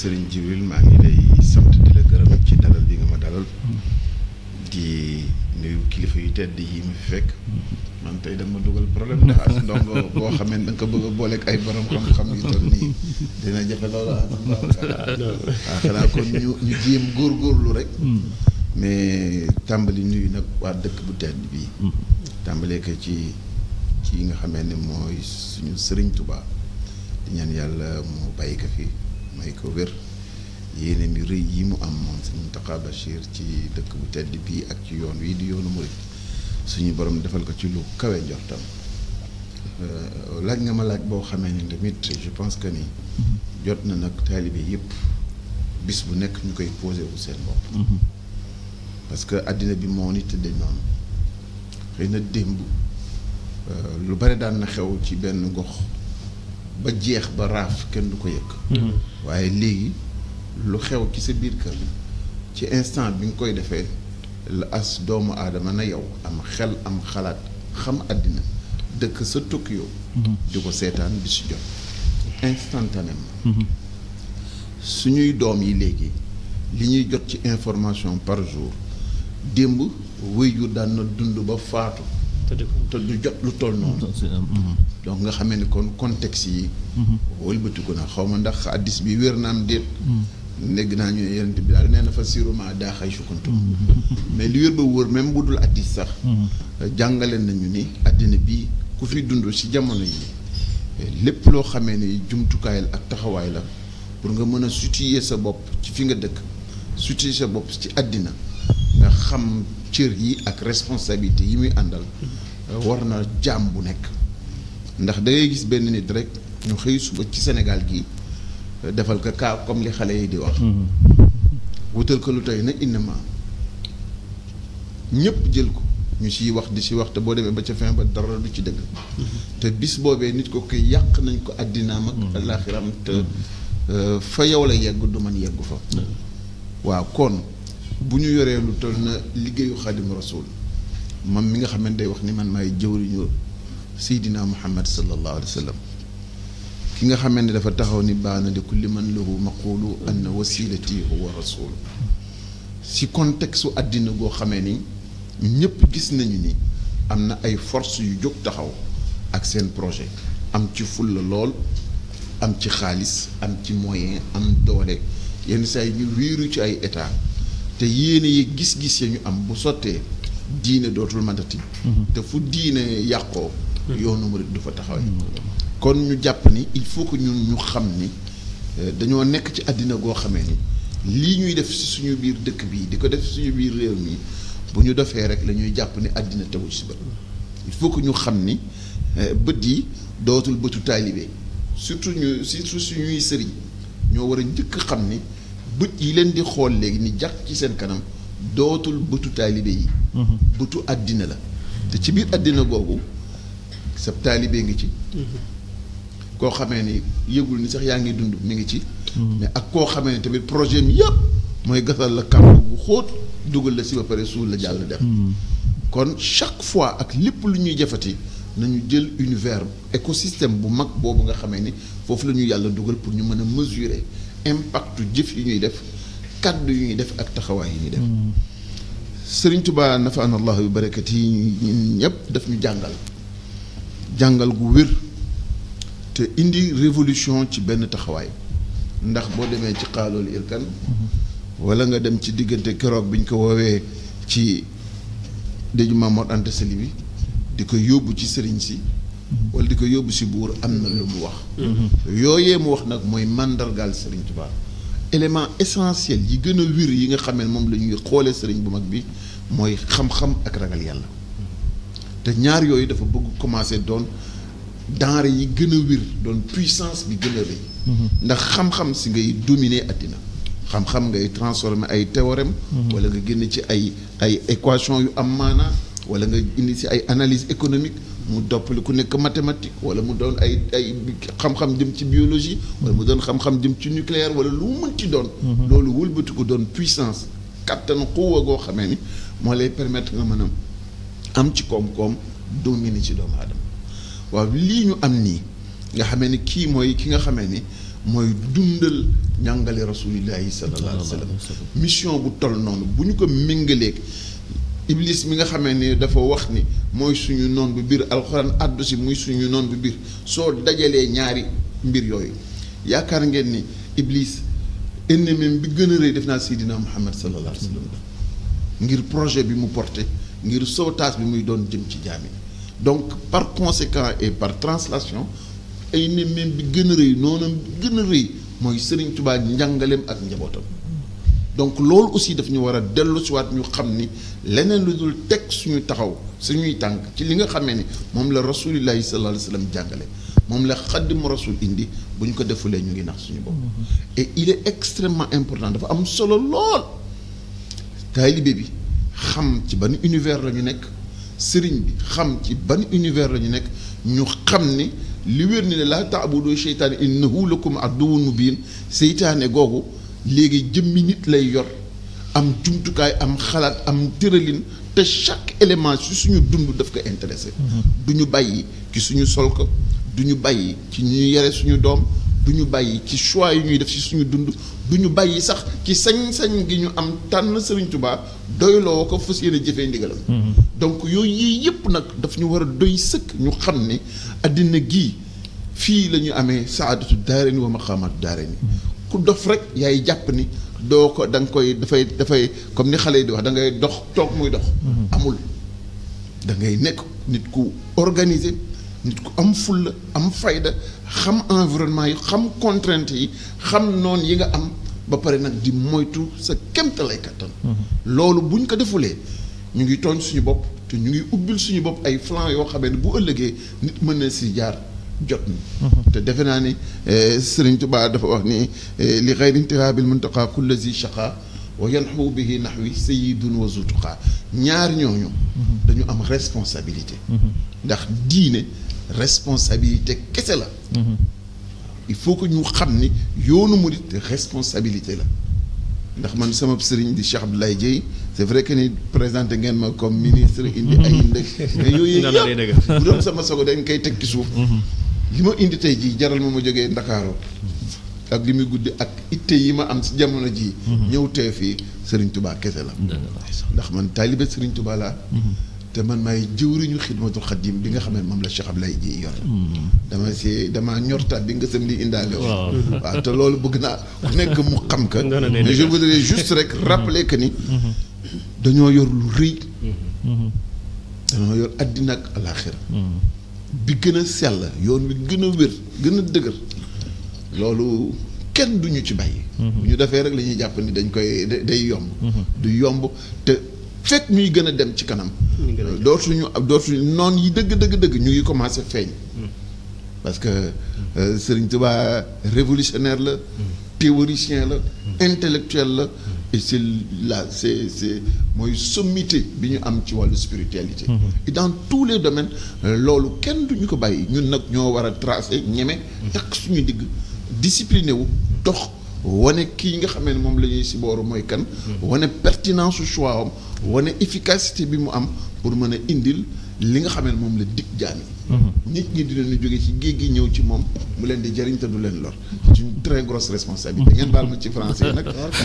sëriñ Jibril maa ngi lay sant di la ci dalal bi nga ma dalal di nuyu kilifa yu tedd yi ma fi fekk man tey dama dugal problème ndax ak boo xamee ne da nga ko bëgg a ay borom xam-xam yu toll nii dina jafe loolu ah. ah xanaa kon ñu ñu jéem góorgóorlu rek. mais tàmbali nuyu nag waa dëkk bu tedd bii. tàmbalee ci ci nga xamee ni mooy suñu sëriñ Tuubaa di ñaan yàlla mu bàyyi ko fii. may ko wér yéene mi rëy yi mu am moom sëñ Mountakha ci dëkk bu tedd bii ak ci yoon wii di yoonu murit suñu borom defal ko ci lu kawe njortam euh, laaj nga ma laaj boo xamee ne tamit je pense que ni jot na nag taalibe yëpp bis bu nekk ñu koy posé wu seen bopp. Mm-hmm. parce que àddina bi moo ni tëddee noonu xëy na démb euh, lu bare daan na xew ci benn gox. ba jeex ba raaf kenn du ko yëg. Mhm. waaye léegi lu xew ci sa biir kër ci instant bi nga koy defee la as doomu aadama na yow am xel am xalaat xam àddina dëkk sa tukki mhm. di ko seetaan di si jot instantanément. Mhm. suñuy doom yi léegi li ñuy jot ci information par jour démb wéy yu daan na dund ba faatu. te du jot lu toll noonu mm-hmm. donc nga xamee ni kon contexte yi mm-hmm. wëlbatiku na xaw ma ndax addis bi wér na am déet mm-hmm. naa ñu ne yonent bi daal nee na fa siruma daaxay sukkantu mais li wér ba wóor même bu dul addis sax jàngale nañu ni àddina bi ku fi dund ci jamono yi lépp loo xamee ni jumtukaay la ak taxawaay la pour nga mën a situer sa bopp ci fi nga dëkk situer sa bopp ci àddina nga xam cër yi ak responsabilité yi muy àndal mm-hmm. war na jaam bu nekk ndax dangay gis benn nit rek ñu xëy suba ci senegal gi euh, defal ka kaa comme li xale yi di wax mm-hmm. wutal ko lu tey na innema ñëpp jël ko ñu siy wax di si wax te boo demee ba ca fin ba dara du ci dëgg mm-hmm. te bis boobee nit ko koy yàq nañ ko àddinaam ak alaaxiram te euh, fa yow la yegg du man yeggu fa waaw kon bu ñu yoree lu toll na liggéeyu xadim rasul man mi nga xamante day wax ni man maay jëwriñu seydina muhammad sallallahu alayhi wa sallam ki nga xamante ne dafa taxaw ni baa na di kulli man lahu maqulu anna wasilati huwa rasul si contexte su àddina goo xamee ni ñëpp gis nañu ni am na ay force yu jóg taxaw ak seen projet am ci fulla lool am ci xaalis am ci moyen am doole yenn saa yi ñu wéeru ci ay état te yéene yi gis-gis ya ñu am bu sottee diine dootul mandati mhm. te fu diine yàqoo mhm. yoonu murid du fa taxawee mhm. kon ñu jàpp ni il faut que ñu xam ni euh, dañoo nekk ci àddina goo xamee ni lii ñuy def si suñu biir dëkk bii di ko def suñu biir réew mi bu ñu defee rek lañuy jàpp ni àddina tegu si bët il faut que ñu xam ni euh, bët yi dootul bëtu taalibe surtout ñu surtout suñuy sëriñ ñoo war a njëkk xam ni bët yi leen di xool léegi ni jàq ci seen kanam dootul bëtu taalibe yi mhm. bëtu àddina la te ci biir àddina boobu sa taalibe ngi ci mhm. koo xamee ni yëgul ni sax yaa ngi dund mi ngi ci mhm. mais ak koo xamee ni tamit projet mi yëpp mooy gasal la kàmb bu xóot dugal la si ba pare suul la jàll dem kon chaque fois ak lépp lu ñuy jafati nañu jël univers écosystème bu mag boobu nga xamee ni foofu la ñu yàlla dugal pour ñu mën a mesurer impactu jëf yu ñuy def kàddu yu ñuy def ak taxawaay yu ñuy def hmm. sëriñ tubaa nafaan allahu bi barakat yi ñun ñëpp daf ñu jàngal jàngal gu wér te indi révolution ci benn taxawaay ndax boo demee ci xaaloolu irkan hmm. wala nga dem ci diggante keroog bi ñu ko woowee ci déju Maam Mor bi di ko yóbbu ci sëriñ si wala di ko yóbbu si buur am na lu mu wax yooyee mu wax nag mooy màndargaal Serigne Touba élément essentiel yi gën a wir yi nga xamee moom la ñuy xoolee Serigne bu mag bi mooy xam-xam ak ragal yàlla te ñaar yooyu dafa bëgg commencé doon denrée yi gën a wir doon puissance bi gën rëy ndax xam-xam si ngay dominer addina xam-xam ngay transformer ay théorème wala nga génn ci ay ay équation yu am maanaa wala nga indi ci ay analyse économique mu doppali ku nekk mathématique wala mu doon ay ay xam-xam jëm ci biologie wala mu doon xam-xam jëm ci nucléaire wala lu mu mën ci doon mhm. loolu wëlbati ko doon puissance kattan xuwa goo xamee ni moo lay permettre nga mën a am ci koom-koom dominer ci doomu adama waaw lii ñu am nii nga xamee ne kii mooy ki nga xamee ni mooy dundal njàngale rasulillahi sallallahu alayhi wa sallam mission bu toll noonu bu ñu ko méngaleeg iblis mi nga xamee ni dafa wax ni mooy suñu noon bu biir alxuraan àddu si muy suñu noon bu biir soo dajalee ñaari mbir yooyu yaakaar ngeen ni iblis ennemi bi gën a rëy def naa Seydina Muhammad sallallahu alayhi wa ngir projet bi mu porté ngir sautage bi muy doon jëm ci jaami donc par conséquent et par translation ennemi bi gën a rëy noonu bi gën a rëy mooy Serigne Touba njàngaleem ak njabootam. donc loolu aussi daf ñu war a dellu si ñu xam ni leneen lu dul teg suñu taxaw suñuy tànk ci li nga xamee ni moom la rasulillahi sallallahu alayhi wa sallam jàngale moom la xaddi xaddim rasul indi bu ñu ko defulee ñu ngi nax suñu bopp et il important dafa am solo lool taalibe bi xam ci ban univers la ñu nekk sëriñ bi xam ci ban univers la ñu nekk ñu xam ni li wér ni ne laa taabudu seytaane innahu lakum aduwwun biin seytaane googu léegi jëmmi nit lay yor am jumtukaay am xalaat am tëralin te chaque élément si suñu dund daf ko intéressé mm-hmm. du ñu bàyyi ci suñu sol duñu du bàyyi ci ñuy yare suñu doom duñu ñu bàyyi ci choix yu ñuy def si suñu dund du ñu bàyyi sax ci sañ-sañ gi ñu am tànn Sëriñ Tuubaa doyloo ko fas yéene jëfee ndigalam mm-hmm. donc yooyu yii yëpp nag daf ñu war a doy sëkk ñu xam ne àddina gii fii lañuy amee saadatu daareni wa maqaamaatu daareni mm-hmm. ku dof rek yaay jàpp ni doo ko da koy dafay dafay comme ni xale yi di wax da ngay dox toog muy dox. Mhm. amul da ngay nekk nit ku organisé nit ku am fulla am fayda xam environnement yi xam contrainte yi xam noon yi nga am ba pare nag di moytu sa kéemtalaay kattan. Mhm. loolu buñ ko defulee ñu ngi tooñ suñu bopp te ñu ngi ubbil suñu bopp ay flanc yoo xamee ne bu ëllëgee nit mën na si jaar. jot te defe naa ni eh, Sëriñ Tuubaa dafa wax ni eh, li xayri intihaabil muntaqa kulla zi shaqa wa yanxu bihi naxwi sayidun wa zutuqa ñaar ñooñu dañu am responsabilité ndax diine responsabilité kese la il faut que ñu xam ni yoonu murit responsabilité la ndax man sama sëriñ di Cheikh lay Dieye c'est vrai que ni présenté ngeen ma comme ministre indi ay ndëg mais yooyu yëpp bu dañ koy teg ci suuf mm-hmm. li ma indi tey jaral ma ma jógee Ndakaaru ak li muy guddi ak itte yi ma am si jamono jii. Mhm. ñëw tee fii Serigne Touba kese la. ndax man taalibe Serigne Touba laa. Mhm. te man maay jëwriñu xidmatul xadim bi nga xam ne moom la Cheikh Ablaye ji yor. Mhm. dama si damaa ñorta bi nga sëm li indaale woon. waaw te loolu bëgg naa ku nekk mu xam que. mais je voudrais juste rek rappeler que ni. dañoo yor lu rëy. dañoo yor addina ak alaaxira bi gën a sell yoon bi gën a wér gën a dëgër loolu kenn duñu ci bàyyi mhm. bu ñu defee rek la ñuy jàpp ni dañ koy day yomb mhm. du yomb te fekk ñuy gën a dem ci kanam dootuñu dootuñu noon yi dëgg dëgg dëgg ñu ngi commencé feeñ mhm. parce que euh, Serigne révolutionnaire la théoricien la intellectuel la et c'est la c'est c'est mooy sommité bi ñu am ci wàllu spiritualité mm-hmm. et dans tous les domaines euh, loolu kenn du ñu ko bàyyi ñun nag ñoo war a tracer ñeme takk mm-hmm. suñu digg discipliné wu dox wane kii nga xamee ne moom la ñuy si mooy kan mm-hmm. wane pertinence u choix am wane efficacité bi mu am pour mën a indil li nga xamee ne moom la dig jaam yi nit ñi dinañu jóge ci géej gi ñëw ci moom mu leen di jëriñ te du leen lor c'est une très grosse responsabilité ngeen baal ma ci français nag